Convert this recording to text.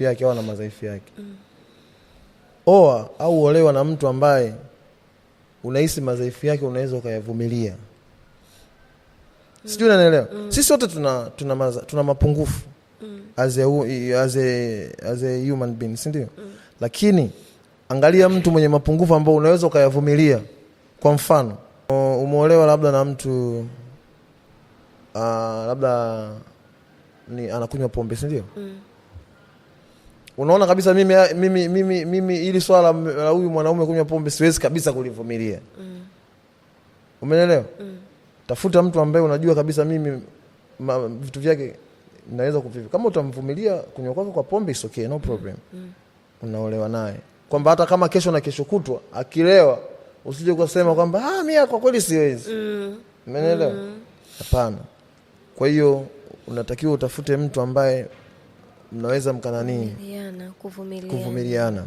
yake au na madhaifu yake. mm. Oa au olewa na mtu ambaye unahisi madhaifu yake unaweza ukayavumilia. mm. Sijui mm. Sisi wote tuna tuna, tuna mapungufu mm. as a, as a, as a mm. Lakini angalia mtu mwenye mapungufu ambao unaweza ukayavumilia. Kwa mfano, umeolewa labda na mtu uh, labda ni anakunywa pombe, sindio ndio? Mm. Unaona kabisa mimi, mimi, mimi, mimi ili swala la huyu mwanaume kunywa pombe siwezi kabisa kulivumilia mm. Umeelewa mm. Tafuta mtu ambaye unajua kabisa mimi ma, vitu vyake naweza kuvivi. Kama utamvumilia kunywa kwake kwa pombe is okay, no problem mm. mm. Unaolewa naye kwamba hata kama kesho na kesho kutwa akilewa usije kusema kwamba ah, mimi kwa kweli siwezi mm. Umeelewa? Mm. Hapana mm. Kwa hiyo unatakiwa utafute mtu ambaye mnaweza mkananii kuvumiliana